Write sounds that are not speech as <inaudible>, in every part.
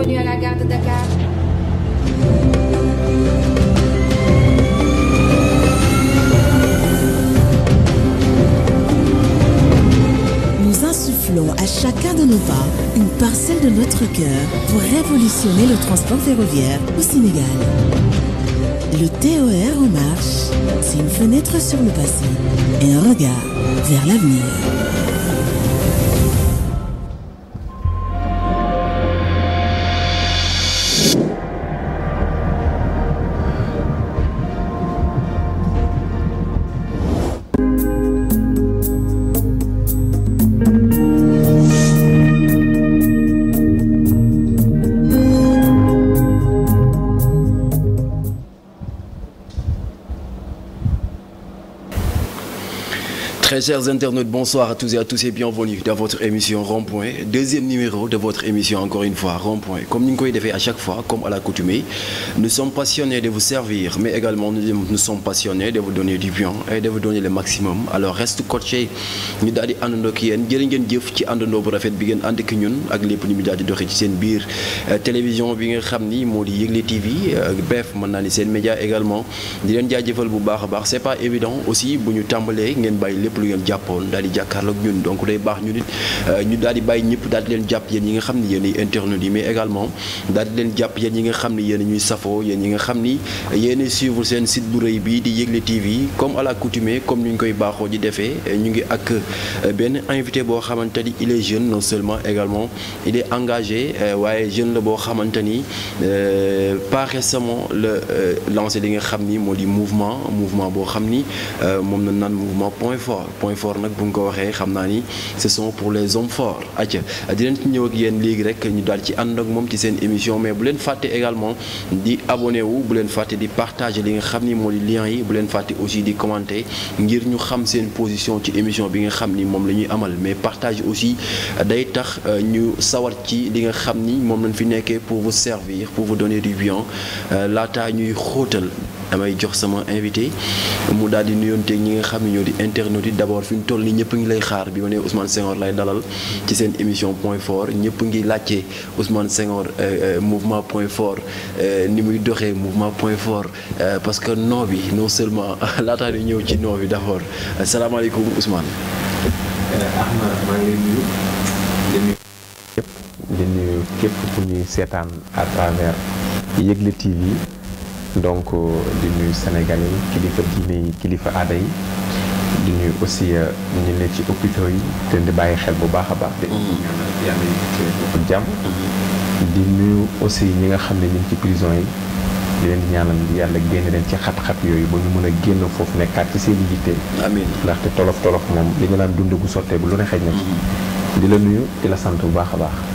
à la gare Dakar. Nous insufflons à chacun de nos pas une parcelle de notre cœur pour révolutionner le transport ferroviaire au Sénégal. Le TER en marche, c'est une fenêtre sur le passé et un regard vers l'avenir. chers internautes, bonsoir à tous et à tous et bienvenue dans votre émission Rond-Point. Deuxième numéro de votre émission, encore une fois, Rond-Point. Comme nous le fait à chaque fois, comme à l'accoutumée, nous sommes passionnés de vous servir, mais également nous, sommes passionnés de vous donner du bien et de vous donner le maximum. Alors reste coaché, nous euh, euh, également c'est pas aussi japon dali daal di ñun donc day bax ñunit euh, ñu daal di bàyyi ñëpp daal di nga internautes yi mais également daal di jap jàpp yéen ñi nga xamni ni ñuy safo yéen yi nga xamni suivre sen site bu reuy bi di Yegle TV comme à l'accoutumée comme ni ñu koy baxo di défé ñu ngi ak euh, invité bo il est jeune non seulement également il est engagé euh, waye jeune le bo xamante par pas récemment le lancé li nga xamni mouvement mouvement bo xamni mom na mouvement point fort point fort nak bu ko ni ce sont pour les hommes forts aca di leen ci ñëw ak yeen léegi rek ñu dal ci and ak mom ci seen émission mais bu len faté également di abonné wu bu len faté di partager li nga xam ni di lien yi bu len faté aussi di commenter ngir ñu xam seen position ci émission bi nga xamni ni lañuy amal mais partage aussi day tax euh, ñu sawar ci li nga xamni mom lañ fi pour vous servir pour vous donner du bien euh, laataa ñuy xotal damay jox sama invité mu dal di nuyonté ñi nga xamni ñoo di d'abord fort fiñ ñu toll ngi lay xaar bi Ousmane Senghor lay dalal ci seen émission point fort ñepp ngi laajte Ousmane Senghor euh, euh, mouvement point fort euh, ni muy doxé mouvement point fort parce que non bi non seulement <laughs> laataa ñu ñëw ci nom bi d'abord alaykoum Ousmane. Ahmed maa ngi lay nuyu di nuyu képp ku ñuy seetaan à travers Yegle TV donc di nuyu Sénégalais yi kilifa diine yi kilifa aada di nuyu aussi euh, ñu ne ci hôpitaux yi te di bàyyi xel bu baax a baax. Mm-hmm. di ñaanal yàlla yi mm-hmm. di nuyu aussi ñi nga xam ne ñu ngi ci prison yi di leen di ñaanal yàlla génn leen ci xat-xat yooyu ba ñu mën a génn foofu nekkaat ci seen yitte. amiin ndaxte tolof tolof moom li nga daan dund gu sottee bu lu ne xëj na ci. Mm-hmm. di la nuyu di la sant bu baax a baax.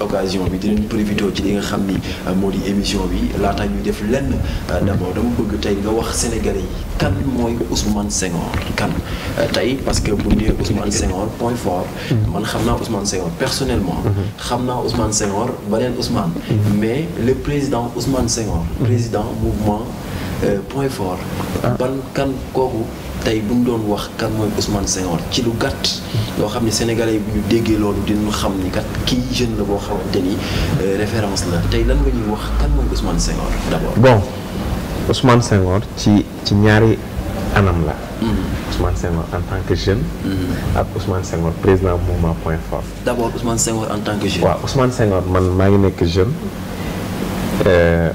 occasion bi dinañ profité ci li nga xamni euh, modi émission bi tay ñu def lenn euh, d'abord dama bëgg tay nga wax Sénégalais Sénégal. kan moy Ousmane Senghor kan euh, tay parce que bu nee Ousmane Senghor point fort mm-hmm. man xamna Ousmane Senghor personnellement mm-hmm. xamna Ousmane Senghor beneen Ousmane mm-hmm. mais le président Ousmane Senghor président mouvement Euh, point fort. Ah. ban kan kooku tey bu ñu doon wax kan mooy Ousmane Senghor ci lu gàtt. yoo xam ne sénégalais bu ñu déggee loolu dinañu xam ni kat kii jeune la boo xamante ni euh, référence la tey lan nga ñuy wax kan mooy Ousmane Senghor d' abord. bon Ousmane Senghor ci ci ñaari anam la. Hmm. Ousmane Senghor en tant que jeune. Hmm. ak Ousmane Senghor président mouvement point fort. d' abord Ousmane Senghor en tant que jeune. waaw Ousmane Senghor man maa ngi nekk jeune euh,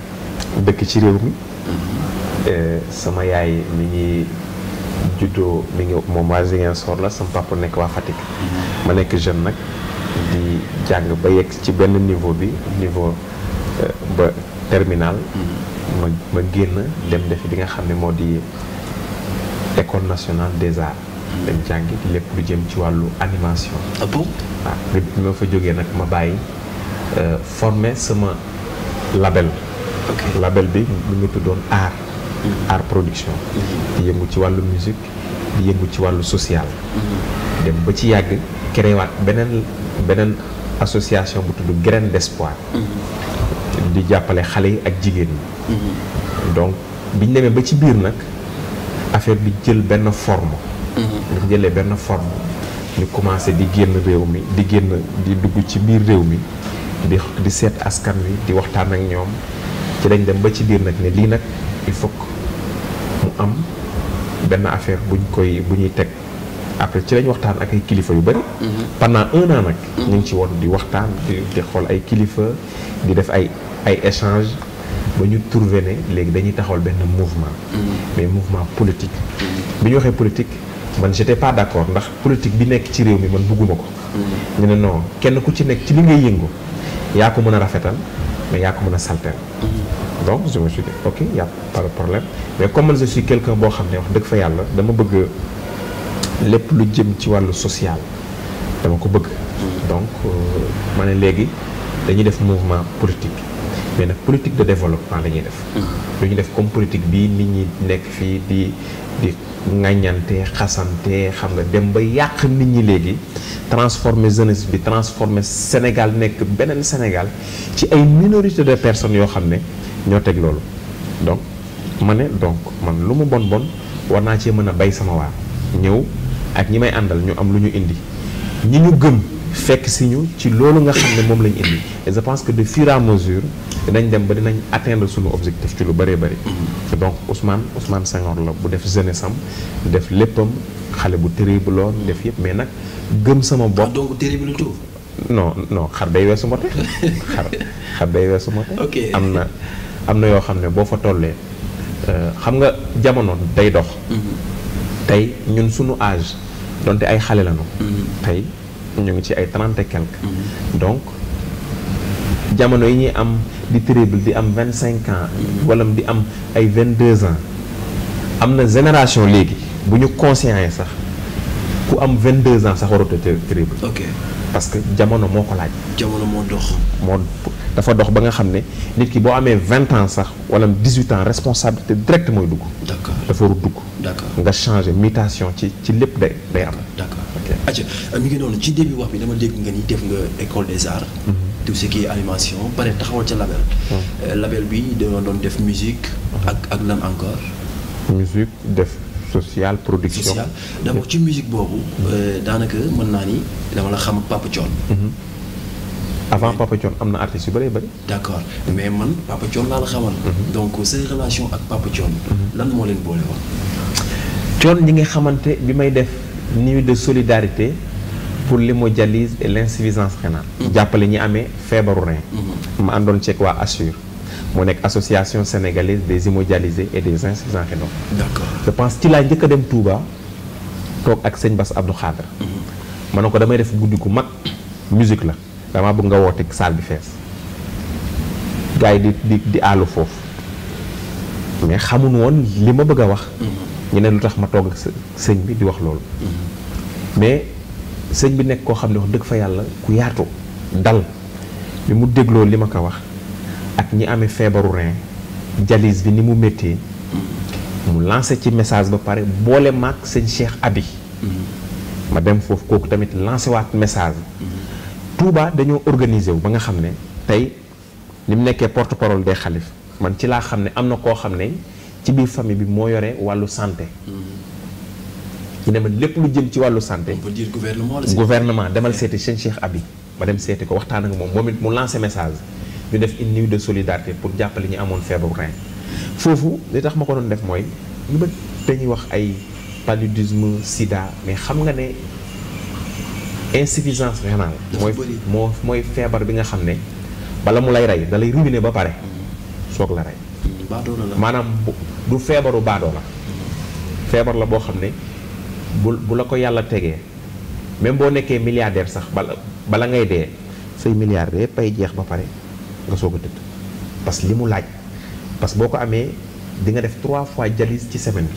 dëkk ci réew mi. Hmm. Euh, sama yaay mi ngi juddoo mi ngi moom waa Ziguinchor la sama papa nekk waa Fatick. ma nekk jeune nag di jàng ba yegg ci benn niveau bi niveau euh, ba terminal ma ma génn dem defi li nga xam ne moo di école nationale des arts. dem jàngi lépp lu jëm ci wàllu animation. ah, ah bi ma fa jógee nag ma bàyyi euh, former sama label. label bi mu ngi tuddoon art. art production di mm-hmm. yëngu ci walu musique di yëngu ci walu social mm-hmm. dem ba ci yagg créé wat benen benen association bu tuddu graine d'espoir mm-hmm. di jappalé xalé ak jigéen ñi donc biñ démé ba ci biir nak affaire bi jël benn forme ñu jëlé benn forme ñu commencé di génn réew mi di génn di dugg ci biir réew mi di di seet askan wi di waxtaan ak ñoom ci dañ dem ba ci biir nak né li nak il faut am benn affaire buñ koy bu ñuy teg après ci lañ waxtaan ak ay kilifa yu bëri. Mm-hmm. pendant un an nag. Mm-hmm. ñu ci woon di waxtaan di di xool ay kilifa di def ay ay échange ba ñu trouvé ne léegi dañuy taxool benn mouvement. Mm-hmm. mais mouvement politique. bi ñu waxee politique man j'étais pas d'accord ndax politique bi nekk ci réew mi man bëgguma ko. ñu ne kenn ku ci nekk ci li ngay yëngu yaa ko mën a rafetal mais yaa ko mën a salteel. donc je me suis dit ok il y' a pas de problème mais comme je suis quelqu'un boo xam ne wax dëgg fa veux dama bëgg lépp lu jëm ci social dama ko bëgg. donc euh, ma ne léegi dañuy def mouvement politique mais nag politique de développement la ñuy def. lu def comme politique bi nit ñi nekk fii di di ŋàññante xasante xam nga dem ba yàq nit ñi léegi transformer jeunesse bi transformer Sénégal qui est Sénégal ci ay minorité de personnes yoo xam ñoo teg loolu donc ma ne donc man lu mu bon bon war naa cee mën a bay sama waa ñëw ak ñi may àndal ñu am lu ñu indi ñi ñu gëm fekk si ñu ci loolu nga xam ne moom lañu indi je pense que de fur et à mesure dinañ dem ba dinañ atteindre suñu objectif ci lu bëree bëri donc Ousmane Ousmane Senghor la bu def jeunesse am def léppam xale bu bu lool def yëpp mais nag gëm sama bopp ah, donc terrible xar day weesu mote <laughs> xar xar day weesu mote am na am na yoo xam ne boo fa tollee euh, xam nga jamono day dox mm-hmm. tey ñun sunu âge donte ay xale lañu mm-hmm. tey ñu ngi ci ay quelque mm-hmm. donc jamono yi ñuy am di terrible di am 25 ans wala di am ay 22 ans am génération léegi vous ñu conscient sax ku am 22 ans sax warut a terrible. ok parce que jamono moo ko laaj. jamono moo dox. moo dafa dox ba nga xam ne nit ki boo amee vingt ans sax wala dix huit ans responsabilité direct mooy dugg. d'accord dafa war dugg. d'accord nga changer mutation ci ci lépp day day am. d'accord ok atia euh, mi ngi noonu ci début wax bi dama dégg nga ni def nga école des arts. Mm-hmm. tout ce qui est animation bare taxawal ca label. Mm. Euh, label bi dañoo doon def musique. Mm-hmm. ak ak lan encore. musique def. social production social d'abord ci musique boobu. Mm-hmm. Euh, daanaka mën naa ni dama la xam Papa Thione avant Papa John, amna artiste, artistes bari D'accord. mais man Papa John la xamal. Mhm. donc ces relations avec Papa John, mhm. lan mo leen bolé woon. Thione ñi nga xamanté bi may def nuit de solidarité pour l'hémodialyse et les insuffisance rénale. Mhm. jappalé ñi amé feebaru rein. ma àndoon ceeg Assure. mo nek association sénégalaise des hémodialysés et des insuffisants rénaux. d'accord je pense qu'il a njëkk dem Touba tok ak Seigne Bass Abdou Khadre. ma ko damay def guddi gu mag musique la. damaa bëgg nga woote salle bi fees gars yi di di di àllu foofu mais xamun woon li ma bëgg a wax mhm. ñeneen lu tax ma togg ak sëñ bi di wax loolu mhm. mais sëñ bi nekk koo xam ne wax dëgg fa yàlla ku yaatu dal li mu dégloo li ma ko wax ak ñi amee feebaru rein jalis bi ni mu méttee mhm. mu lancé ci message ba pare boole maag sëñ Cheikh Abi ma dem foofu kooku tamit lancé waat message Touba dañoo organiser wu ba nga xam ne tey ni mu nekkee porte parole de xalif man ci laa xam ne am na koo xam ne ci biir famille bi moo yore wàllu santé. ñu demal lépp lu jëm ci wàllu santé. on peut dire gouvernement la gouvernement demal seeti seen Cheikh Abi ma dem seeti ko waxtaan a ak moom moom it mu lancé message ñu def une nuit de solidarité pour jàppale ñu amoon feebaru rein foofu li tax ma ko doon def mooy ñu ba dañuy wax ay paludisme sida mais xam nga ne. insuffisance rénale moy moy fièvre bi nga xamné bala mu lay ray da lay ruiner ba paré mm-hmm. sok mm-hmm. la la manam du feebaru baadoo la mm-hmm. fièvre la bo xamné bu la ko yalla tegee même bo nekkee milliardaire sax bala bala ngay dé say milliards yépp ay jeex ba paré nga soog a parce que li laaj parce boko amé di nga def 3 fois dialyse ci semaine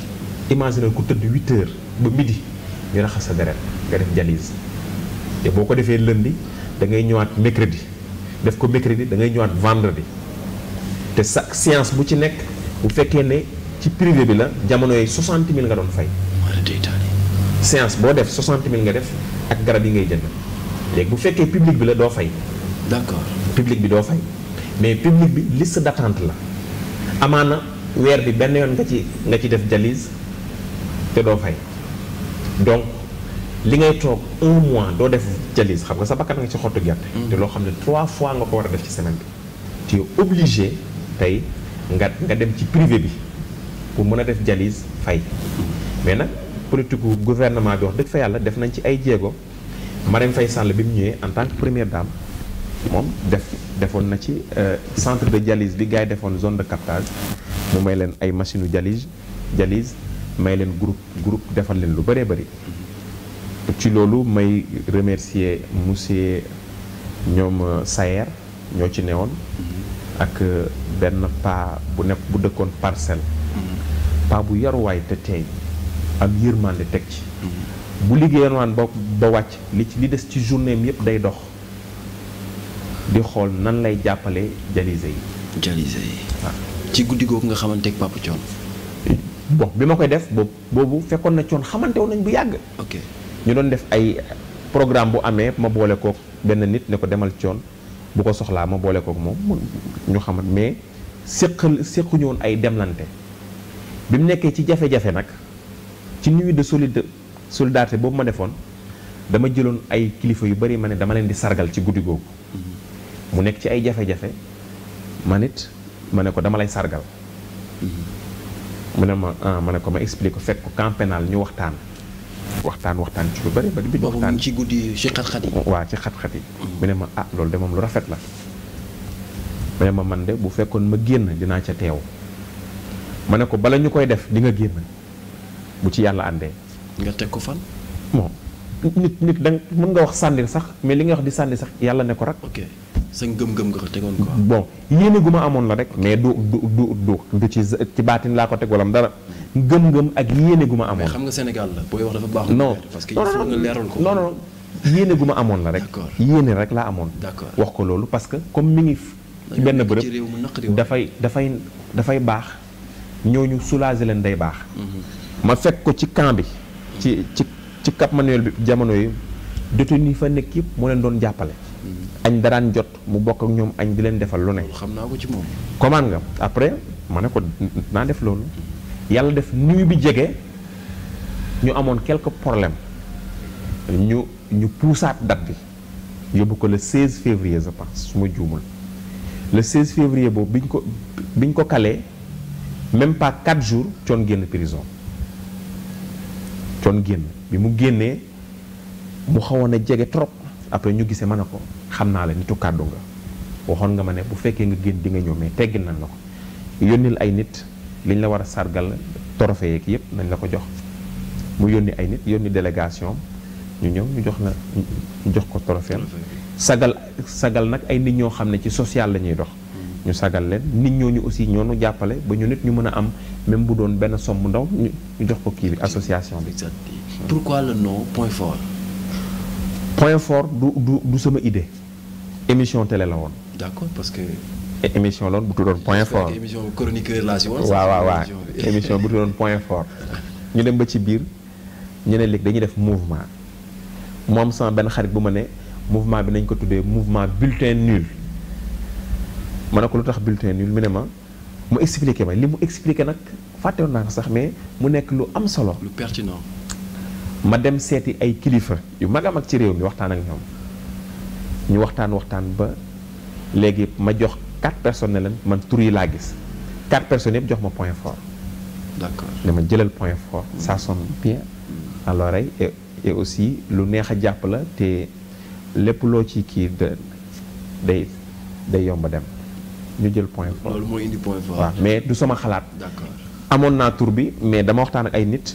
bi imaginer ko teud 8 heures ba midi ñu raxas sa nga def dialyse te boo ko defee lundi da ngay ñëwaat mercredi def ko mercredi da ngay ñëwaat vendredi te sa séance bu ci nekk bu fekkee ne ci privé bi la jamono yooyu 60 000 nga doon fay. séance boo def 60 000 nga def ak garab yi ngay jënd léegi bu fekkee public bi la doo fay. d'accord public bi doo fay mais public bi liste d'attente la amaana weer bi benn yoon nga ci nga ci def dialyse te doo fay donc. li ngay toog un mois doo def dialyse xam nga sa bakkan nga ci xottu gerte. Mm. te loo xam ne trois fois nga ko war a def ci semaine bi. tu es obligé tey nga nga dem ci privé bi pour mën a def dialyse fay. mais nag politique gouvernement bi wax dëgg fa yàlla def nañ ci ay jéego Marème Faye Sall bi mu ñëwee en tant que première dame moom def defoon na ci euh, centre de dialyse bi gars yi defoon zone de captage mu may leen ay machine u dialyse dialyse may leen groupe groupe defal leen lu bëree bëri ci loolu may remercier monsieur ñoom euh, Sayer ñoo ci newoon mm-hmm. ak euh, benn paa bu nekk bu dëkkoon parcelle mm-hmm. paa bu yaruwaay te teey am yërmande teg ci mm-hmm. bu liggéeyoon waan ba ba wàcc li ci li des ci journée am yëpp day dox di xool nan lay jàppale jalise yi jalise yi ci guddi googu nga xamante ak Papa Thione bon bi ma koy def boobu boobu fekkoon na Thione xamante woon nañ bu yàgg ok ñu doon def ay programme bu amee ma boole kook benn nit ne ko demal coon bu ko soxlaa ma boole kook moom ñu xamat mais séqal séquñu woon ay demlante bi mu nekkee ci jafe-jafe nag ci nuit de solide boobu ma defoon dama jëloon ay kilifa yu bari ma ne dama leen di sargal ci guddi googu mu nekk ci ay jafe-jafe man it ma ne ko dama lay sargal mm-hmm. mu ne ma ah, ma ne ko ma explique ko fekk ko camp pénal ñu waxtaan waxtaan waxtaan ci lu bari ba bi ñu waxtaan ci guddi ci xat-xat yi. waaw ci xat-xat yi. mu ne ma ah loolu de moom lu rafet la. mu ne ma man de bu fekkoon ma génn dinaa ca teew. ma ne ko bala ñu koy def di nga génn bu ci yàlla àndee. nga teg ko fan. moom nit nit da mën nga wax sànni sax mais li nga wax di sànni sax yàlla ne ko rek. sa ngëm-ngëm nga ko tegoon quoi. bon yéene gu ma amoon la rek. mais du du du du ci ci baatin laa ko teg wala dara. ngëm-ngëm ak yéene gu ma amoon. xam nga Sénégal la booy wax dafa baax. non parce que il faut ko. non non yéene ma amoon la rek. d'accord yéene rek laa amoon. d'accord wax ko loolu parce que comme mu ngi. ci benn bërëb dafay dafay dafay baax ñu soulager leen day baax. Mm-hmm. ma fekk ko ci camp bi. ci ci ci Cap Manuel bi jamono yi détenu fa nekk yëpp moo leen doon jàppale. añ daraan jot mu bokk ak ñoom añ di leen defal lu ne. xam naa ko ci moom. commande nga après ma ne ko naa def loolu yàlla def nuyu bi jege ñu amoon quelques problèmes ñu ñu puusaat date bi yóbbu ko le 16 février je pense su ma juumul le 16 février boobu bi ñu ko bi ñu ko kale même pas 4 jours coon génn prison coon génn bi mu génnee mu xawoon a jege trop. après ñu gisee ma ne ko xam naa la nitu kàddu nga waxoon nga ma ne bu fekkee nga génn di nga ñëw mais teggin nañ la ko yónnil ay nit liñ la war a sargal trophée yeeg yëpp nañ la ko jox mu yónni ay nit yónni délégation ñu ñëw ñu jox la ñu jox ko trophée sagal sagal nag ay nit ñoo xam ne ci social la ñuy dox mm. ñu sagal leen nit ñoo ñooñu aussi nu jàppale ba ñu nit ñu mën a am même bu doon benn somme ndaw ñu jox ko kii bi association bi point fort du du du idées idée émission télé la d'accord parce que. émission l'on bu point fort émission chronique relation. si ouais ouais émission bu point fort. ñu dem ba ci bir ñu ne léegi dañuy def mouvement mom sama ben xarit buma né mouvement bi nañ ko tuddé mouvement bulletin nul ma lu bulletin nul mais ne ma mu expliqué ma li mu expliqué n'a pas de ko sax mais mu nekk lu am solo. pertinent. ma dem seeti ay kilifa yu mag mag ci réew mi waxtaan ak ñoom ñu waxtaan waxtaan ba léegi ma jox quatre personne ne leen man tur yi laa gis quatre personnes yëpp jox ma point fort. d'accord ne jëlal point fort. ça sonne bien à l'oreille aussi lu neex a jàpp la te lépp loo ci kii day day yomba dem ñu jël point fort. loolu moo indi mais du sama xalaat. amoon naa tur bi mais dama waxtaan ak ay nit.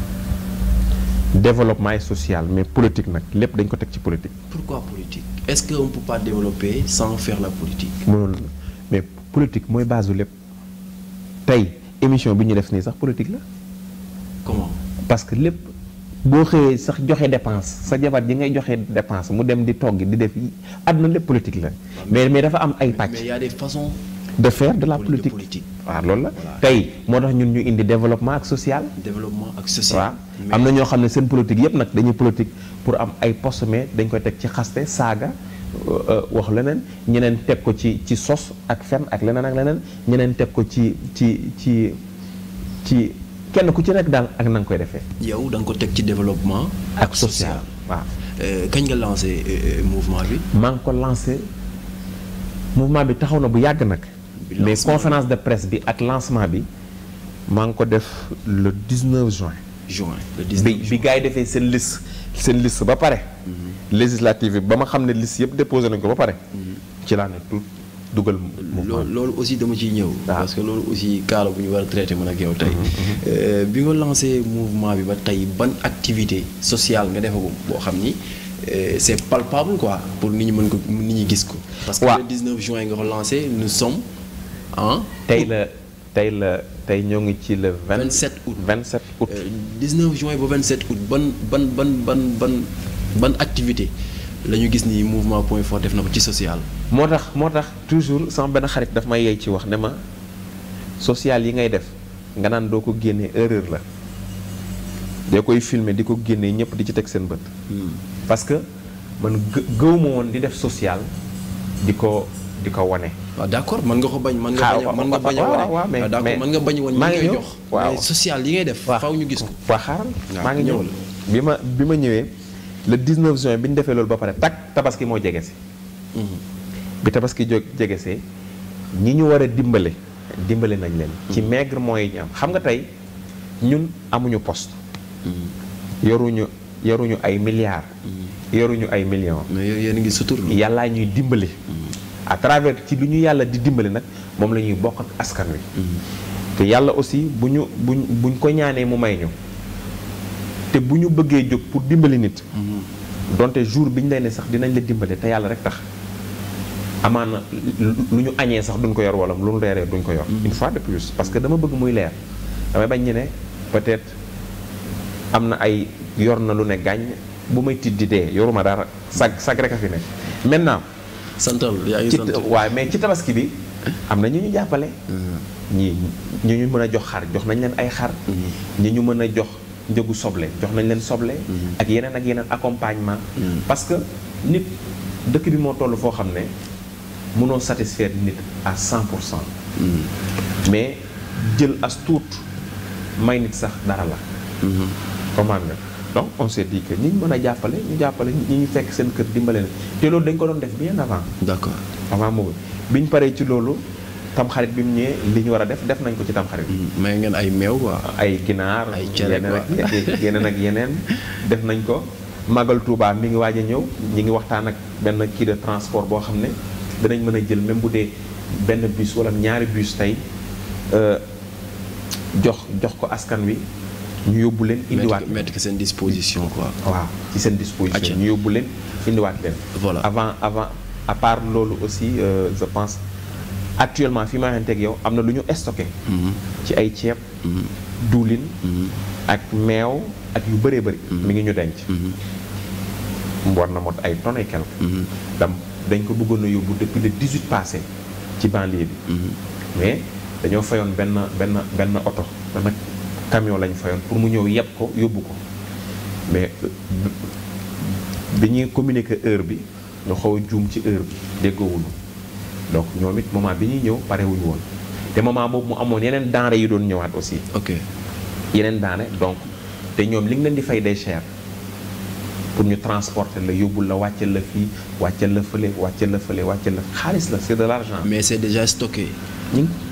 développement social mais politique nak, lépp dañ ko tek ci politique. pourquoi politique est-ce qu'on ne peut pas développer sans faire la politique. non. mais politique mooy base de lépp tey émission bi ñu def ni sax politique la. comment parce que lépp bo xëyee sax joxe dépenses, sa jabar ji ngay joxe dépenses, mu dem di togg di def àdduna lépp politique la. Ah, mais mais dafa am ay patch. mais y a des façons. de faire de la politique. waaw loolu la tey moo tax ñun ñu indi développement ak social. développement ak social. am na ñoo xam ne seen politique yëpp nag dañuy politique pour am ay poste mais dañ koy teg ci xaste saaga euh, euh, wax leneen ñeneen teg ko ci ci sos ak fen ak leneen ak leneen ñeneen teg ko ci ci ci ci kenn ku ci rek daal ak na koy defee. yow da nga ko teg ci développement. ak social waaw. Euh, kañ nga lancé mouvement bi. man ko lancé mouvement bi taxaw na bu yàgg nag. mais conférence de presse bi ak lancement bi maa le 19 juin. juin le 19 bi bi gars yi defee seen liste seen liste ba pare. Mhm. législative bi ba ma xam liste yëpp déposé nañu ko ba pare. Mhm. ci tout aussi dama ah. parce que loolu aussi cas bu ñu war a traité man ak mhm. Euh, bi nga mouvement bi ba ban activité sociale nga defagum boo euh, c'est palpable quoi pour nit ñi ko parce que le 19 juin nga ko nous sommes ah hein? tay la tay la tay ci le. 27 août 27 août. 19 euh, juin ba 27 août bonne bonne bonne bonne bonne ban activité lañu gis ni mouvement point fort def na ko ci social. motax motax toujours sans bernard xarit daf may yey ci wax social yi ngay def nga nan do ko erreur la. doo koy filmer di ko génnee ñëpp di ci tek seen hmm. parce que man gëw ma di def social di di ko wane. waaw ah, d' accord mën nga ko bañ. man nga bañ a ah, mën nga bañ a wane waaw mais bañ a wane. maa ngi ñëw waaw social yi ngay def. faaw ñu gis ko waaw xaaral ah, maa ngi ñëw bi ma bi ma ñëwee le 19 juin bi ñu defee loolu ba pare takk tabaski moo jege si. Mhm. bi tabaski jog jege see ñi ñu war a dimbale dimbale nañ leen. ci mhm. maigre mooy yi xam nga tey ñun amuñu poste. Mhm. yoruñu yoruñu ay milliards. yoruñu ay millions. mais yéen a ngi sutur yàllaa ñuy dimbale. à travers ci lu ñu yàlla di dimbali nag moom la ñuy bokk ak askan wi. te yàlla aussi bu ñu buñ buñ ko ñaanee mu may ñu. te bu ñu bëggee jóg pour dimbali nit. donte jour bi ñu lay sax dinañ la dimbale te yàlla rek tax. amaana lu ñu añee sax duñ ko yor wala lu ñu reeree duñ ko yor. Mm-hmm. une fois de plus parce que dama bëgg muy leer damay bañ ñu ne peut-être am na ay yor na lu ne gàññ bu may di dee yoruma dara sag sag rek a fi nekk maintenant. santal yaa ngi sant waaw mais ci tabaski bi am na ñu ñu jàppale. Mm-hmm. ñii ñu ñu mën jox xar jox nañ leen ay xar. Mm-hmm. ñi ñu mëna jox njëgu soble jox nañ leen soble. Mm-hmm. ak yeneen ak yeneen accompagnement. parce que nit dëkk bi moo toll foo xam ne mënoo satisfaire nit à 100 pour cent. mais jël as tuut may nit sax dara la. comment nga. donc on s'est dit que ñi ñu mën a jàppale ñu jàppale ñu ñu fekk seen kër dimbale leen te loolu dañ ko doon def bien avant. d'accord avant moomu bi ñu paree ci loolu tamxarit bi mu ñëwee li ñu war a def def nañ ko ci tamxarit. Mm-hmm. may ngeen ay meew quoi. ay ginaar ay cere quoi yeneen ak yeneen def nañ ko. Magal Touba mi ngi waaj ñëw ñu ngi waxtaan ak benn kii de transport boo xam ne danañ mën a jël même bu dee benn bus wala ñaari bus tey euh, jox jox ko askan wi. ñu yóbbu leen. indiwaat mettre que disposition quoi. waaw ci seen disposition ñu yóbbu leen indiwaat leen. voilà avant avant à part loolu aussi euh, je pense actuellement fi ma xamante ak yow am na lu stocké. Mhm. ci ay ceeb. Mhm. duulin. Mhm. ak meew ak yu bëree bëri. mi ngi ñu denc. war na mot ay tonnes et dam dañ ko bëggoon a yóbbu depuis le 18 passé ci banlieue bi. mais dañoo ben ben ben auto oto. camion lañ fayoon pour mu ñëw yeb ko yóbbu ko mais bi ñuy communiqué heure bi ñu xaw a juum ci heure bi déggoowuñu donc ñoom it moment bi ñuy ñëw parewuñu woon te moment boobu mu amoon yeneen denrées yi doon ñëwaat aussi. ok yeneen denrées donc te ñoom li nga leen di fay de cher pour ñu transporter la yóbbul la wàccal la fii wàccal la fële wàccal la fële wàccal la xaalis la c'est de l'argent. mais c'est déjà stocké.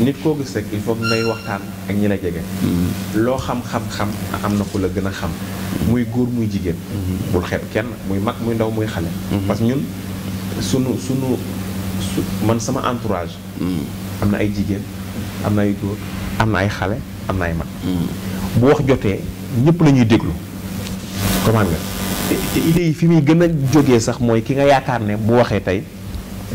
nit koo gis rek il faut ngay waxtaan ak ñi la jege. Mm-hmm. loo xam-xam-xam am na ku la gën a xam. Mm-hmm. muy góor muy jigéen. Mm-hmm. bul xeeb kenn muy mag muy ndaw muy xale. parce que ñun sunu sunu su man sama entourage. am na ay jigéen am na ay góor am na ay xale am na ay mag. bu wax jotee ñëpp la ñuy déglu comment nga te idée yi fi muy gën a jógee sax mooy ki nga yaakaar ne bu waxee tey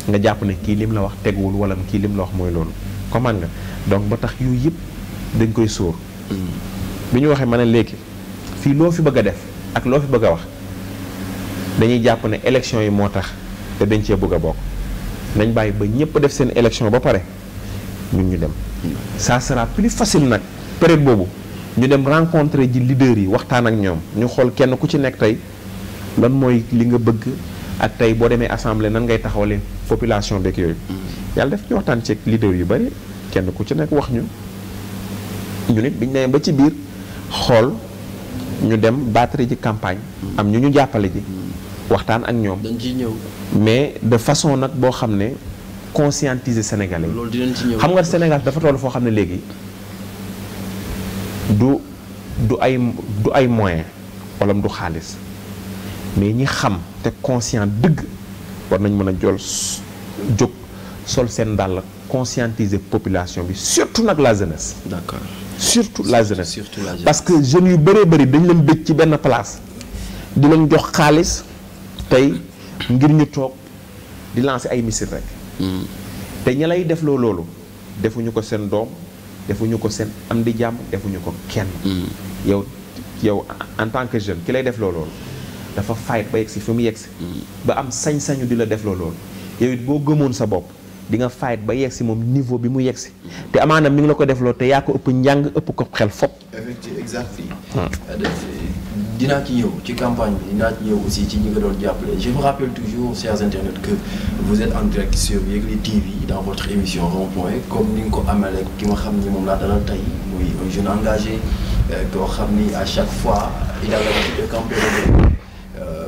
nga jàpp ne kii lim la wax teguwul wala kii lim la wax mooy loolu. comprendre nga donc ba tax yooyu yëpp dañ koy sóor bi ñu waxee ma ne léegi fii loo fi bëgg a def ak loo fi bëgg a wax dañuy jàpp ne élection yi moo tax te dañ cee bëgg a bokk nañ bàyyi ba ñëpp def seen élection ba pare ñun ñu dem ça sera plus facile nag période boobu ñu dem rencontrer ji leaders yi waxtaan ak ñoom ñu xool kenn ku ci nekk tey lan mooy li nga bëgg ak tey boo demee assemblée nan ngay taxawale population beeg yooyu. Mm-hmm. yàlla def ñu waxtaan ci leader yu bari kenn ku ci nekk wax ñu ñu nit biñ nee ba ci biir xool ñu dem battre ji campagne. Mm-hmm. am ñu ñu jàppale ji. Mm-hmm. waxtaan ak ñoom. dañ ciy ñëw mais de façon nag boo xam ne conscientiser sénégalais. loolu dinañ ci ñëw xam nga Sénégal dafa toll foo xam ne léegi du du ay du ay moyen wala du xaalis mais ñi xam. conscient dëgg war nañ mëna jol sol sen dal conscientiser population bi surtout nak la jeunesse. d'accord surtout la jeunesse. parce que jeune yu dañ place di leen jox xaalis tay ngir ñu tok di lancer ay missile rek. Hmm. te def lo defuñu ko sen dom defuñu ko sen am di defuñu hmm. en tant que jeune ki lay def dafa fight ba yegsi fi mu yegsi ba am sañ-sañu di la def loolu yow it boo gëmoon sa bop di nga fight ba yegsi mom niveau bi mu yegsi te amaana mi ngi la ko def lo te ya ko upp njàng upp ko xel fop effectivement exact hmm. euh, dinaa ci ñëw ci campagne bi dina ci yow aussi ci ñi nga doon jàppale je vous rappelle toujours chers internautes que vous êtes en direct sur Yégle TV dans votre émission Rond-Point comme ni nga ko amale ki ma xam ni moom dalal tay muy un jeune engagé euh, koo xamni à chaque fois il a l'habitude de camper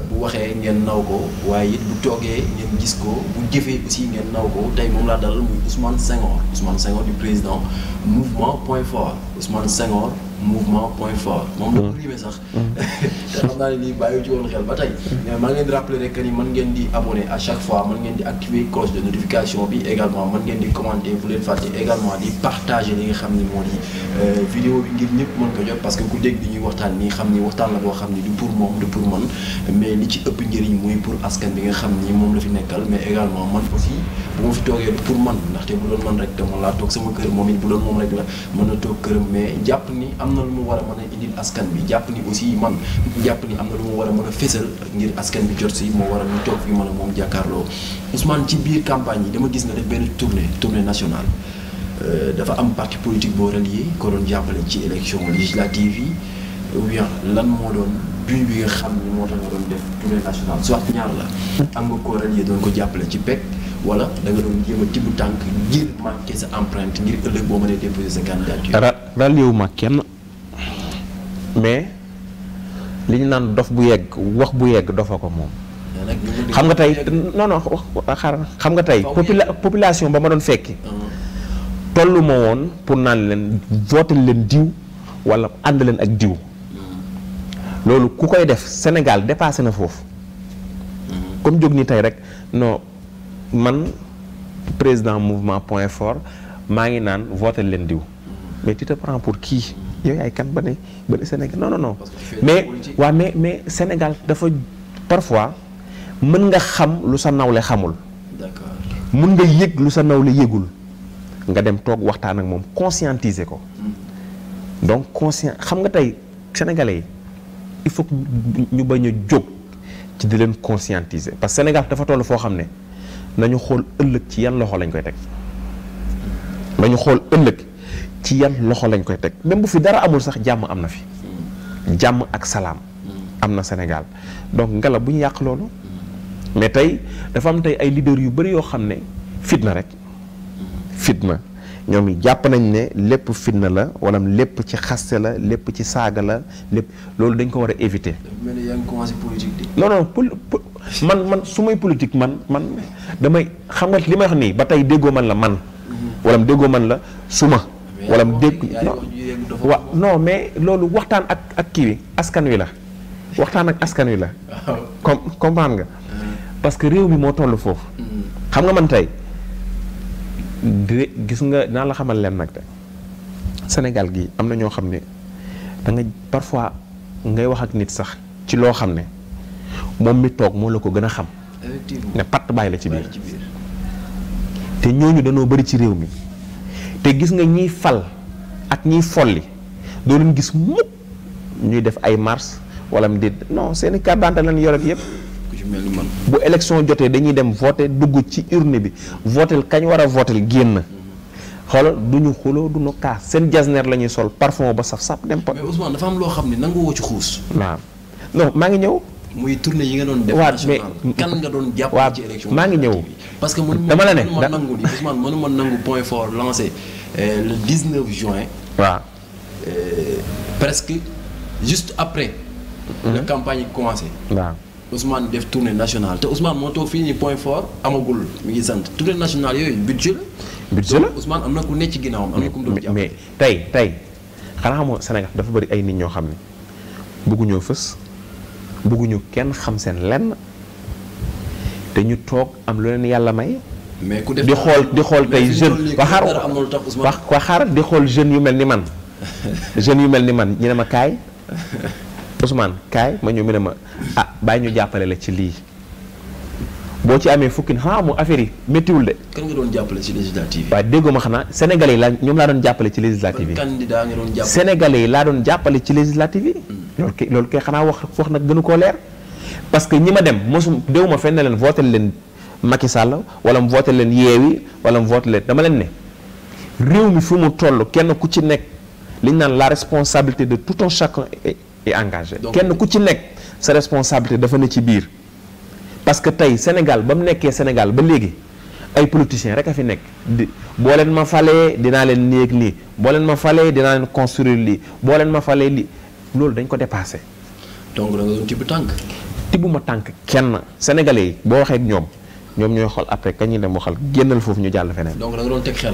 bu waxee ngeen naw ko waaye it bu toogee ngeen gis ko bu jëfee aussi ngeen naw ko tey moom laa dalal muy Ousmane Senghor Ousmane Senghor du président mouvement Point Fort Ousmane Senghor mouvement point fort Mon la ko mmh. rimee sax te mmh. <laughs> xam naa ne lii ci won xel ba tey mmh. mais maa di rappeler rek ni man ngeen di abonné à chaque fois man ngeen di activer cloche de notification bi également man ngeen di commenter bu leen fàtte également di partager li nga xam ni di euh, vidéo bi ngir ñëpp mën ko jot parce que ku dégg li ñuy waxtaan ni xam ni waxtaan la bo xam ni du pour mom du pour man mais li ci ëpp njëriñ muy pour askan bi nga xam ni moom la fi nekkal mais également man aussi bu ma fi toogee du pour man ndaxte bu doon man rek dama laa toog sama kër moom it bu doon moom rek la mën a toog këram mais jàpp ni am am na lu mu war a mën a indil askan bi jàpp ni aussi man jàpp ni am na lu mu war a mën a fésal ngir askan bi jot si moo war a ñu toog fi mën a moom jàkkaarloo Ousmane ci biir campagne yi dama gis nga def benn tournée tournée nationale euh, dafa am parti politique boo relié ko doon jàppale ci élection législative yi ou bien lan moo doon but bi nga xam ne moo tax nga doon def tournée nationale soit ñaar la am nga koo relié doon ko jàppale ci PEC wala danga nga doon jéem a tibb tànk ngir marqué sa empreinte ngir boo mënee déposer sa candidature. ra mais li ñu naan dof bu yegg wax bu yegg dofa ko moom. xam nga tey non non xaaral xam nga tey. population ba ma doon fekki. tollu ma woon pour naan leen voter leen diw walla ànd leen ak diw. loolu ku koy def Sénégal dépassé na foofu. comme jóg ni tey rek non man président mouvement point fort maa ngi naan voter leen diw. mais tu te pour qui. yow yaay kan ba ne Sénégal non non non. mais wa mais mais Sénégal dafa parfois mën nga xam lu sa nawlé xamul. d'accord mën nga yegg lu sa nawlé yegul nga dem tok waxtaan ak mom conscientiser ko. Hmm. donc conscient xam nga tay sénégalais il faut ñu baña a ci di leen conscientiser parce que Sénégal dafa toll foo xam ne nañu xool ëllëg ci yan loxo lañ koy teg nañu xool ëllëg. ci yan loxo lañ koy tek même bu fi dara amul sax jamm amna fi jamm ak salam amna senegal donc ngala buñu yak lolu mais tay dafa am tay ay leader yu bari yo xamne fitna rek fitna ñoom japp nañ ne lepp fitna la wala lepp ci xasse la lepp ci saga la lepp lolu dañ ko wara éviter. non non man man sumay politique man man damay xam nga wax ni ba tey man la man. Mhm. wala déggoo man la suma. wala mu dégg wa mais loolu waxtaan ak ak kii wi askan wi la waxtaan ak askan wi la comme comprendre nga hmm. parce que réew mi moo toll foofu hmm. xam nga man tey gis nga naa la xamal leen nag de Sénégal gi am na ñoo xam ne danga parfois ngay wax ak nit sax ci loo xam ne moom mi toog moo la ko gën a xam ne patt bàyyi la ci biir te ñooñu danoo bari ci réew mi te gis nga ñiy fal ak ñiy folli doo gis mukk ñuy def ay mars wala mu di no seeni carte d'identité lañ yore yëpp. bu élection jotee dañuy dem voter dugg ci urne bi voter kañ war a voter génn. xoolal du ñu xuloo du ñu kaas seen jasneer la ñuy sol parfum ba saf saf dem. pot mais dafa am loo xam ne nangu woo ci xuus. waaw non maa ngi ñëw. muy tourner yi nga doon def. waaw mais kan nga doon jàppale ci élection. maa ngi ñëw parce que man dama la ne mënuma nangu ni Ousmane mënuma nangu point fort lancé euh, le 19 juin. waaw euh, presque juste après. Mm-hmm. la campagne commencé. waaw Ousmane def tournée nationale te Ousmane moo toog fii nii point fort amagul mi ngi sant tournée nationale yooyu budget la. budget la Ousmane am na ku ne ci ginnaawam. am na ku mu doon jàppale mais tey tey xanaa xamoo Sénégal dafa bëri ay nit ñoo xam ne bëgguñoo fës. bëgguñu kenn xam seen lenn te ñu toog am lu leen yàlla may. mais ku def di xool di xool tey jeune waxaar wax waxaar di xool jeunes yu mel ni man <laughs> jeunes yu mel ni man ñu ma kaay <laughs> Ousmane kaay ma ñu mel ne ma ah bàyyi ñu jàppale la ci lii. boo ci amee fukki xanaa affaire yi méttiwul de. kan nga doon jappalé ci législative yi. waaye déggoo ma xanaa sénégalais yi laa ñoom laa doon ci législative candidat nga doon jappalé sénégalais la laa jappalé ci législative lool hmm. loolu kay loolu kay wax wax nag gënu ko lèr parce que ñima dem mosum déwuma ma fenn leen voté leen Macky Sall wala mu voter len yéwi wala mu voter leen dama len né réew mi fu mu toll kenn ku ci nek li nane la responsabilité de tout un chacun est engagé kenn ku ci nek sa responsabilité dafa ne ci biir. parce que tey Sénégal ba mu nekkee Sénégal ba léegi ay politiciens rek a fi nekk di boo leen ma falee dinaa leen néeg lii boo leen ma falee dinaa leen construire lii boo leen ma falee lii loolu dañ ko dépassé. donc da nga doon tibb tànk. tibbuma tànk kenn sénégalais yi boo waxee ñoom ñoom ñooy xool après kañ ñu dem waxal génnal foofu ñu jàll feneen. donc da doon teg xel.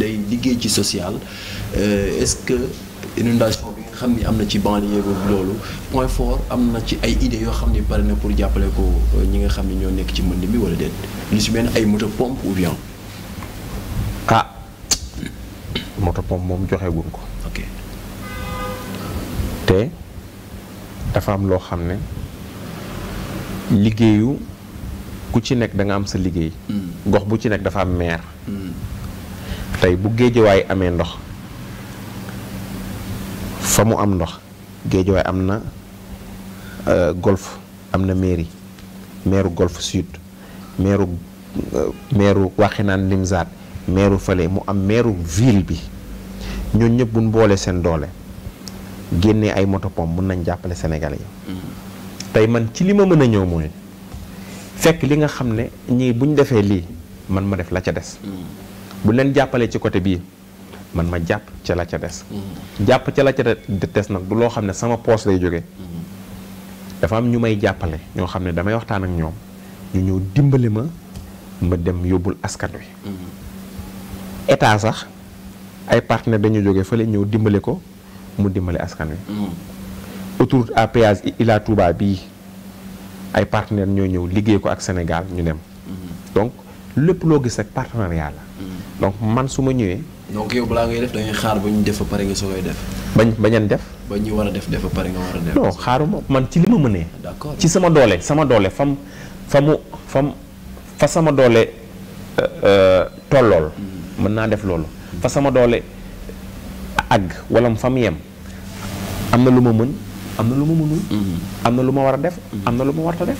day liggéey ci social euh, est-ce que inondation bi nga xam ni am na ci banlieue boobu loolu point fort am na ci ay idées yoo xam ni pare na pour jàppale ko euh, ñi nga xam ni ñoo nekk ci mën mbënd mi wala déet lu si mel ay moto pompe ou bien. ah moto pompe moom joxe guñ ko. ok te dafa am loo xam ne liggéeyu ku ci nekk da nga am sa liggéey. Hmm. gox bu ci nekk dafa am maire. Hmm. tey bu géejawaay amee ndox fa mu am ndox géejawaay am na euh, golf am na mairie mairu golf sud meeru euh, meeru waxinaan limsaat mairu fale mu am meeru ville bi ñooñu ñëpp buñ boole seen doole génnee ay motopompe mën nañ jàppale senegal yi mm-hmm. tey man ci li ma mën a ñëw mooy fekk li nga xam ne ñii buñ defee lii man ma def la ca des mm-hmm. bu leen jàppalee ci côté bii man ma jàpp ca la ca des. Mm-hmm. jàpp ca la ca des nag du loo xam ne sama poos lay jóge mm-hmm. dafa am ñu may jàppale ñoo xam ne damay waxtaan ak ñoom ñu ñëw dimbali ma ma dem yóbbul askan wi. Mm-hmm. état sax ay partenaires dañu jógee fële ñëw dimbali ko mu dimbali askan wi. autoroute à péage Ila Touba bii ay partenaires ñoo ñëw liggéey ko ak Sénégal ñu dem. donc lépp loo gis rek partenariat la. donc man suma ñëwé donc yow bla ngay def dañuy xaar buñu def fa paré nga soo koy def bañ bañan def ba ñu war def def fa paré nga wara def non xaaruma man ci lima ma d'accord ci sama doole sama doole fam famu fam fa sama doole euh, euh, tollol mm-hmm. mën na def lolu fa sama doole ag, wala fam yem amna luma mën amna luma lu ma mënul mm-hmm. am def mm-hmm. amna luma warta def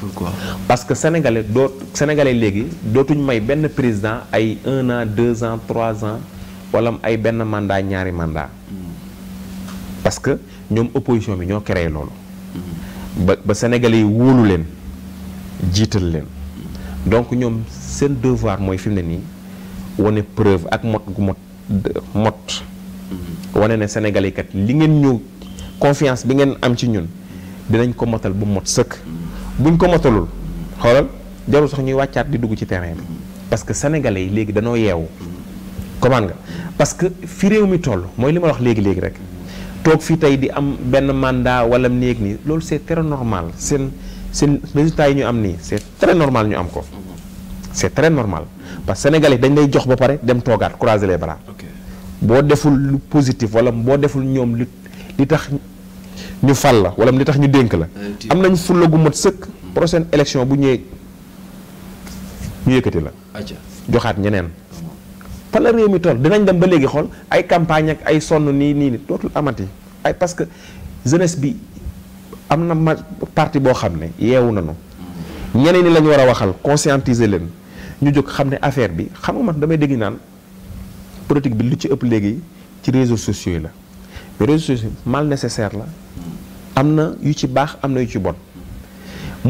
pourquoi parce que sénégalais sénégalais léegi présidents may benn un an deux ans trois ans wala ay un mandat ñaari mandat mm. parce que nous opposition bi ñoo créé Les mm. sénégalais yi wóolu mm. donc devoir de preuve ak mot mot sénégalais kat confiance buñ ko matalul xolal jaru sax ñuy waccat di dugg ci terrain bi parce que sénégalais yi léegi danoo yeewu comment nga parce que fi réew mi toll mooy li ma wax léegi léegi rek toog fi tey di am benn mandat wala néeg nii loolu c'est très normal seen seen résultat yi ñu am nii c'est très normal ñu am ko c'est très normal parce que sénégalais dañ lay jox ba pare dem toogaat croiser les bras boo deful lu positif wala boo deful ñoom li li tax ñu fal la wala li tax ñu dénk la. am nañ fulla gu mat sëkk. prochaine élection bu ñëwee ñu yëkkati la. joxaat ñeneen. fan la réew mi toll dinañ dem ba léegi xool ay campagne ak ay sonn nii nii nii dootul amati ay parce que jeunesse bi am na ma parti boo xam ne yeewu nañu. Mm-hmm. ñeneen yi lañu war a waxal conscientiser leen ñu jóg xam ne affaire bi xam nga man damay dégg naan politique bi lu ci ëpp léegi ci réseau sociaux yi la mais réseaux sociaux mal nécessaire la. am na yu ci baax am na yu ci bon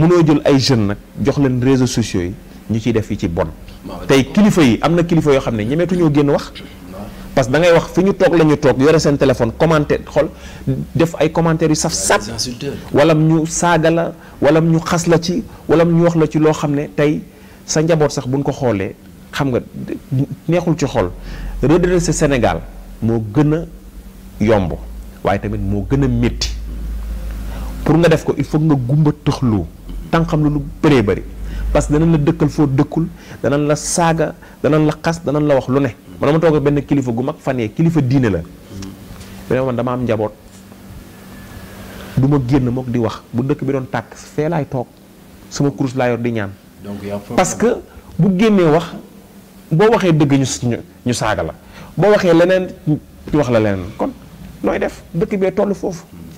mënoo jël ay jeunes nag jox leen réseau sociaux yi ñu ciy def yi ci bon tey kilifa yi am na kilifa yoo xam ne ñemeetu ñoo génn wax parce que da ngay wax fi ñu toog la ñu toog yore seen téléphone commenté xool def ay commentaires yu saf sap wala ñu saaga la wala ñu xas la ci wala ñu wax la ci loo xam ne tey sa njaboot sax buñ ko xoolee xam nga neexul ci xol redresser Sénégal moo gën a yomb waaye tamit moo gën a métti pour nga def ko il faut nga gumba tëxloo tankam lu lu bari parce que danañ la dekkal fo dekkul danañ la saga danañ la khas danañ la wax lu ne man ma toog ak kilifa gu mag fan kilifa diine la dane man dama am njabot duma genn mok di wax bu dekk bi don tak fee lay tok sama kurus la yor di ñaan parce que bu genné wax bo waxé deug ñu ñu saga la leneen wax la leneen kon noy def dekk bi tollu fofu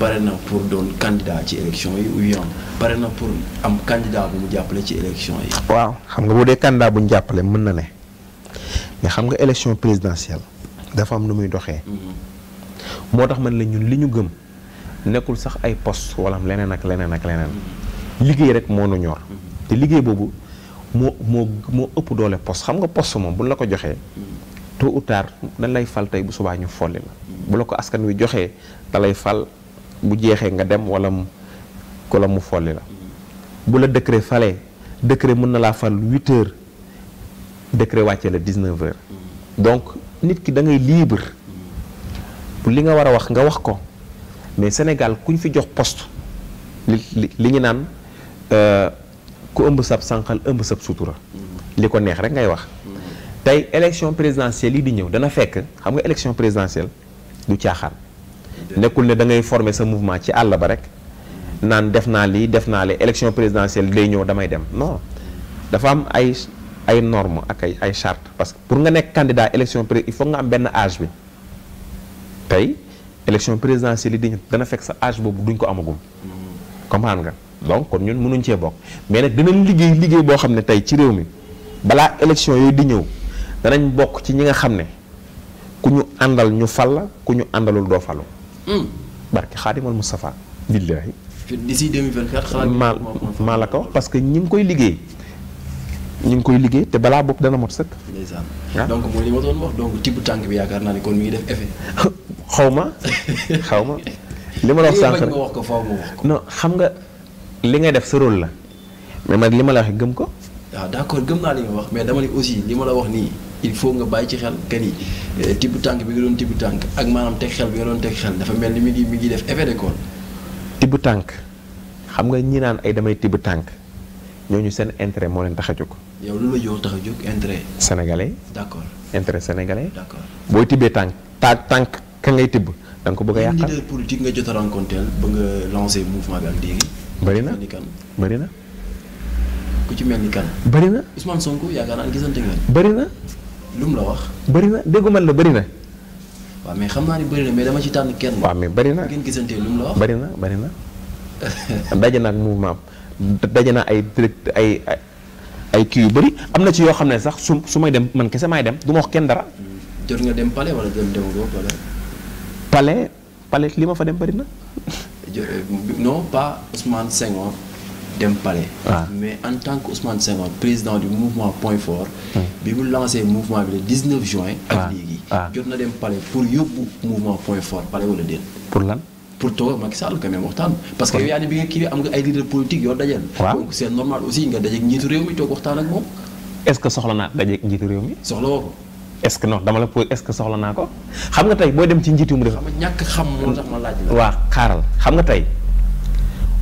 pare na pour doon candidat ci élection yi ou pare na pour am candidat bu mu jàppale ci élection yi. waaw xam nga bu dee candidat bu ñu mën na ne mais xam nga élection présidentielle dafa am nu muy doxee. Mm-hmm. moo tax man la ñun li ñu gëm nekkul sax ay poste wala leneen ak leneen ak leneen mm-hmm. liggéey rek moo nu ñor. Mm-hmm. te liggéey boobu moo moo moo ëpp doole poste xam nga poste moom buñ la ko joxee. tôt ou tard dañ lay fal tey bu subaa ñu folli la. bu la ko askan wi joxee da fal. bu jeexee nga dem wala mu wala mu folli la bu la décret falee décret mën na laa fal huit heures décret wàccee la dix-neuf heures donc nit ki da ngay libre bu li nga war a wax nga wax ko mais Sénégal kuñ fi jox post li li ñu naan euh, ku ëmb sab sànqal ëmb sab sutura li ko neex rek ngay wax tey élection présidentielle yi di ñëw dana fekk xam nga élection présidentielle du caaxaan nekkul ne da ngay sa mouvement ci àll ba rek naan def naa lii def naa lee élection présidentielle day ñëw damay dem non dafa am ay ay normes ak ay ay charte parce que pour nga nekk candidat élection pré il faut nga am benn âge bi tey élection présidentielle yi di dana fekk sa âge boobu duñ ko amagum. comprendre nga donc kon ñun mënuñ cee bokk mais nag dinañ liggéey liggéey boo xam ne tey ci réew balaa élection yooyu di ñëw danañ bokk ci ñi nga xam ne ku ñu àndal ñu fal la ku ñu àndalul doo falu Hmm. barke xaadimal Moustapha. billaahi. d'ici 2024. maa maa la ko wax parce que ñi ngi koy liggéey. ñu ngi koy liggéey te balaa bopp dana mot sëkk. ndeysaan ah. donc mooy li ma doon wax donc tibb tànk bi yaakaar naa ne kon mi ngi def effet. <laughs> xaw ma xaw ma. li ma la wax sànq nga wax ko faaw ko. non xam nga li ngay def sa rôle la mais man li ma la wax gëm ko. waaw ah, d'accord gëm naa li nga wax mais dama ne aussi li ma la wax nii. il faut nga bàyyi ci xel que ni euh, tibb tànk bi nga doon tibb tànk ak maanaam teg xel bi nga doon teg xel dafa mel ni mi ngi mu ngi def effet de corps. tibb tànk xam nga ñi naan ay damay tibb tànk ñooñu seen intérêt moo leen tax a jóg. yow lu la jox tax a jóg intérêt. sénégalais. d'accord intérêt sénégalais. d'accord booy tibbee tànk ta tànk ka ngay tibb da nga ko bëgg a yàqal. leader politique nga jot a ba nga lancé mouvement bi ak léegi. bëri na bëri na ku ci mel ni kan. bëri na Ousmane Sonko gisante lu mu la wax. bari na déggu man la bari na. waaw mais xam naa ni bëri na mais dama ci tànn kenn. waaw mais bëri na ngeen gisante mu la wax. bëri na bari na <laughs> daje na ak mouvement daje na ay direct ay ay kii yu bëri am na ci yoo xam ne sax su su may dem man kese maay dem du ma wax kenn dara. jot nga dem pale wala dem demagoo palais. pale palais li ma fa dem bari na. <laughs> Eh, non pas Ousmane Senghor. dem palais mais en tant qu'Ousmane Senghor président du mouvement Point Fort bi mu lancé mouvement bi le 19 juin ak léegi jot na dem palais pour yóbbu mouvement Point Fort palais wala pour lan pour toog Macky Sall quand même waxtaan parce que y a ne bi nga kii am nga ay leader politique yoo dajal donc c'est normal aussi nga dajeeg njiitu réew mi toog waxtaan ak moom est ce que soxla naa des gens qui mi soxla est-ce que non dama la est-ce que soxla n'a ko xam nga tey booy dem ci njiitu mu def. xam nga ñàkk xam moo tax ma laaj xam nga tey.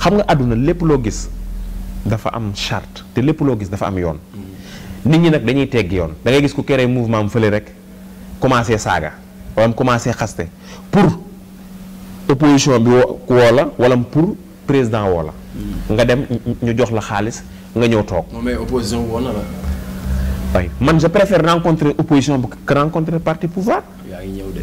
xam nga àdduna lépp loo gis dafa am charte te lépp loo gis dafa am yoon nit ñi nag dañuy tegg yoon da ngay gis ku kere mouvement am fële rek commencé saaga wala mu commencé xaste pour opposition bi woo la wala pour président woo la nga dem ñu jox la xaalis nga ñëw toog. non mais opposition woo na la. man je préfère rencontrer opposition que rencontrer parti pouvoir. yaa ñëw de.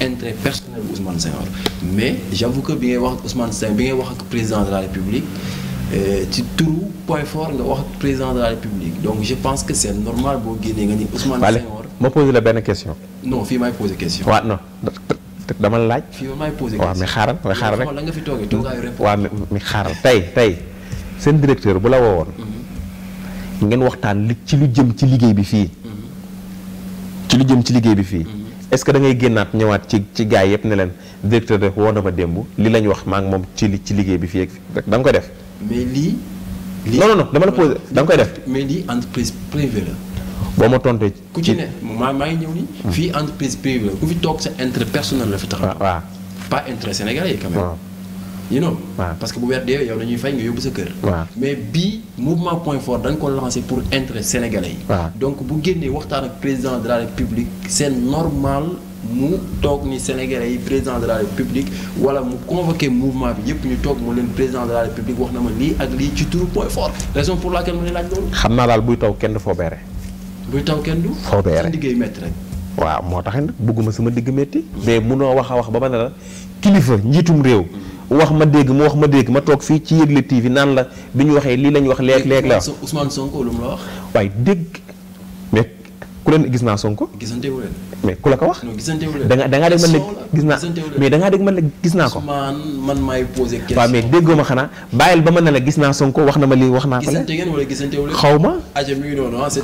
un intérêt personnel pour Ousmane Senghor mais j'avoue que bien Ousmane Senghor bien président de la République euh, tu trouves point fort de président de la République donc je pense que c'est normal pour Guinée Ousmane Senghor. vais pose la bonne question. non la question. non question mais question. Je mais la question. directeur la est-ce que da génnaat ñëwaat ci ci gars yëpp ne leen directeur de woo na ma démb li lañ wax maa ngi moom ci ci liggéey bi fii ak rek da nga koy def. mais lii. lii non non dama la posé da koy def. mais lii entreprise privée la. boo ma tontee. ku ci ne maa maa ngi ñëw nii. Hmm. fii entreprise privée la ku fi toog sa intérêt personnel la fi taxaw. Ah, waaw pas intérêt sénégal yi quand you know parce que bu weer dee yow dañuy fay nga yóbbu sa kër mais bi mouvement point fort dañ ko lancé pour intérêt sénégalais donc bu génnee waxtaan ak président de la république c'est normal mu toog ni sénégalais président de la république wala mu convoquer mouvement bi yëpp ñu toog mu leen président de la république wax na ma li ak li ci tour point fort raison pour laquelle ma laj laaj xamna dal naa buy taw kenn du béré buy taw kenn du béré ci liggéey métti rek waaw moo tax nag bëgguma sama digg métti mais munoo wax a wax ba ma ne la kilifa njiitum réew mm-hmm. wax ma dégg mu wax ma dégg ma toog fii ci yëgle TV naan la bi ñu waxee lii lañ wax léeg-léeg la Ousmane Sonko lu mu la wax. waaye dégg ku leen gis naa Sonko. gisante wu mais ku la ko wax. non gisante wu leen da nga da ngaa dégg man la gis naa mais da ngaa dégg gis naa ko. man man maay posé question. waaw mais déggoo ma xanaa bàyyil ba ma ne la gis naa Sonko wax na ma wax naa ko. gisante ngeen wala gisante wu leen xaw ma. aja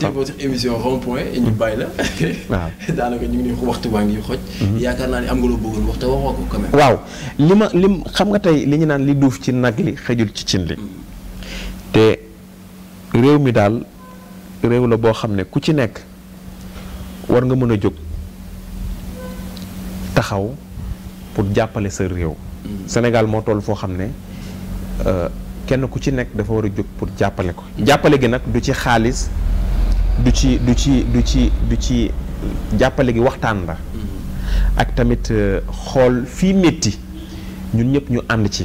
ah, ñu bàyyi la. <laughs> waaw <laughs> daanaka ñu ngi nii waxtu baa ngi xoj. Mhm. yaakaar naa ne am nga loo bëggoon te waxoo ko li ma lim xam nga tey li ñu naan li duuf ci nag li xëjul ci cin li mhm. te réew mi daal réew la boo xam ne ku ci nekk war nga mën a jóg taxaw pour jàppale sa réew. Mm. Sénégal moo toll foo xam ne euh, kenn ku ci nekk dafa war a jóg pour jàppale ko. jàppale gi nag du ci xaalis du ci du ci du ci du ci jàppale gi waxtaan la. Mm-hmm. ak tamit euh, xool fii métti ñun ñëpp ñu ànd ci.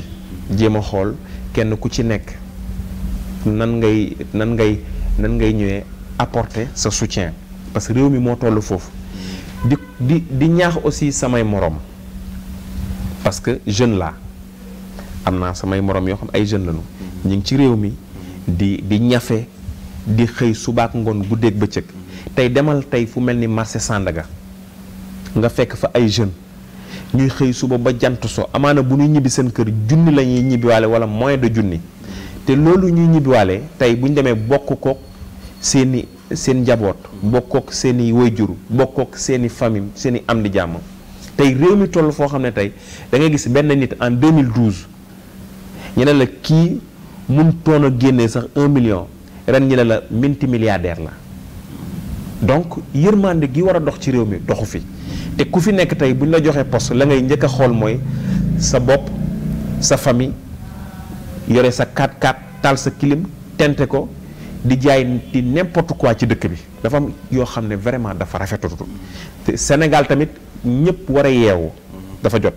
jéem a xool kenn ku ci nekk nan ngay nan ngay nan ngay ñëwee apporter sa soutien. parce que réew mi moo toll foofu di di di ñaax aussi samay moroom parce que jeune laa am naa samay moroom yoo xam ay jeune lañu ñu ngi ci réew mi di di ñafe di xëy subaak ngoon guddeeg bëccëg tey demal tey fu mel ni marché sàndaga nga fekk fa ay jeune ñuy xëy suba ba jant soo amaana bu ñuy ñibbi seen kër junni la ñuy ñibbiwaale wala moins de junni te loolu ñuy ñibbiwaale tey bu ñu demee bokk ko seeni seen njaboot. bokk ak seen i wayjur bokk ak seen i famille seen i am di jàmm tey réew mi toll foo xam ne tey da ngay gis benn nit en 2012 ñu ne la kii mun toon a génnee sax un million ren ñu ne la minti milliardaire la donc yërmande gi war a dox ci réew mi doxu fi te ku fi nekk tey bu ñu la joxee poste la ngay njëkk a xool mooy sa bopp sa famille yore sa 4x4 taal sa kilim tente ko. di jaay di n'importe quoi ci dëkk bi dafa yoo xam ne vraiment dafa rafetatu te Sénégal tamit ñëpp war a yeewu dafa jot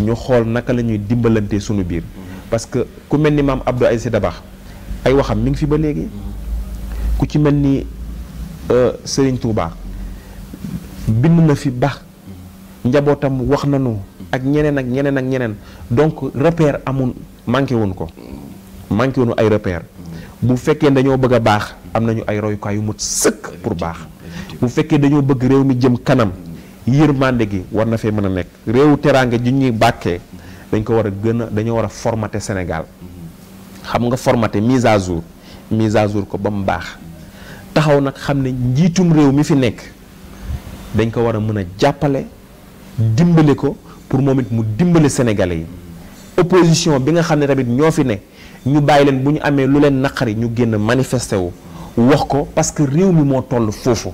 ñu xool naka la ñuy dimbalante suñu biir parce que ku mel ni maam Abdou Aziz baax ay waxam mi ngi fi ba léegi ku ci mel ni euh, Serigne Touba bind na fi baax njabootam wax nañu ak ñeneen ak ñeneen ak ñeneen donc repère amul manqué wuñ ko manqué wuñu ay repère bu fekkee dañoo bëgg a baax am nañu ay royukaay yu mat sëkk pour baax bu fekkee dañoo bëgg réew mi jëm kanam yërmande gi war na fee mën a nekk réewu teraanga ji ñuy bàkkee dañ ko war a gën a dañoo war a formate Sénégal xam nga formate mise à jour mise à jour ko ba mu baax taxaw nag xam ne njiitum réew mi fi nekk dañ ko war a mën a jàppale dimbale ko pour moom it mu dimbale Sénégalais yi opposition bi nga xam ne tamit ñoo fi ne ñu bàyyi leen bu ñu amee lu leen naqari ñu génn manifesté wu wax ko parce que réew mi moo toll foofu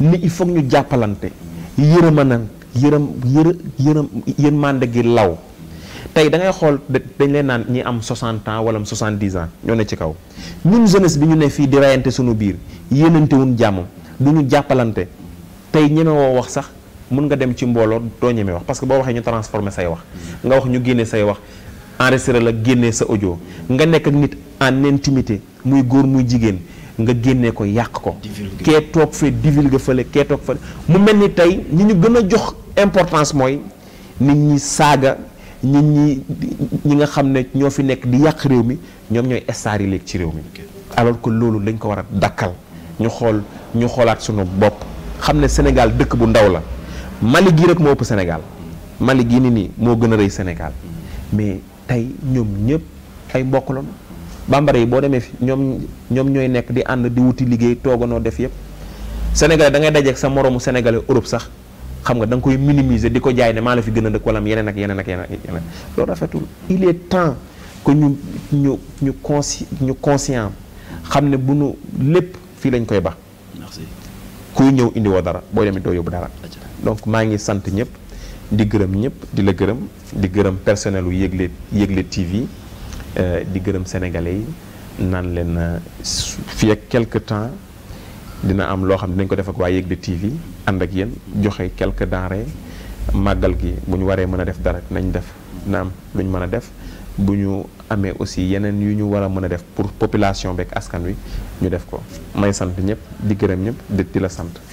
li il faut ñu jàppalante yërëmanan yërëm yërë yërëm yërmande gi law tey da ngay xool dañ leen naan ñi am 60 ans wala 70 ans ñoo ne ci kaw ñun jeunesse bi ñu ne fii di rayante suñu biir yéenante wuñ jàmm du ñu jàppalante tey ñemewoo wax sax mun nga dem ci mbooloo doo ñeme wax parce que boo waxee ñu transformé say wax nga wax ñu génne say wax enregistré la génnee sa audio nga nekk ak nit en intimité muy góor muy jigéen nga génnee ko yàq ko kee toog fee divulgué fële kee toog fële mu mel ni tey ñi ñu gën a jox importance mooy nit ñi saaga nit ñi ñi nga xam ne ñoo fi nekk di yàq réew mi ñoom ñooy star léegi ci réew mi alors ko loolu lañ ko war a dàkkal ñu xool ñu xoolaat sunu bopp xam ne Sénégal dëkk bu ndaw la Mali gii rek moo ëpp Sénégal Mali gii ni nii moo gën a rëy Sénégal tey ñoom ñëpp ay mbokk lañu bambara yi boo demee fi ñoom ñoom ñooy nekk di ànd di wuti liggéey noo def yëpp sénégalais da ngay dajeeg sa moroomu sénégalais Europe sax xam nga danga koy minimiser di ko jaay ne maa la fi gën a dëkk wala yeneen ak yeneen ak yeneen yeneen loolu rafetul il est temps que ñu ñu ñu consci ñu conscient xam ne bu nu lépp fii lañ koy ba merci kuy ñëw indi woo dara boo demee doo yóbbu dara. donc maa ngi sant ñëpp. di gërëm ñëpp di la gërëm di gërëm personnel wu yëgle yëgle TV euh, di gërëm sénégalais yi naan leen euh, fii quelque temps dina am loo xam ne dinañ ko def ak waa yëgle TV ànd ak yéen joxe quelque denrée màggal gi bu ñu waree mën a def dara nañ def na am lu mën a def bu ñu amee aussi yeneen yu ñu war a mën a def pour population beeg askan wi ñu def ko may sant ñëpp di gërëm ñëpp di la sant.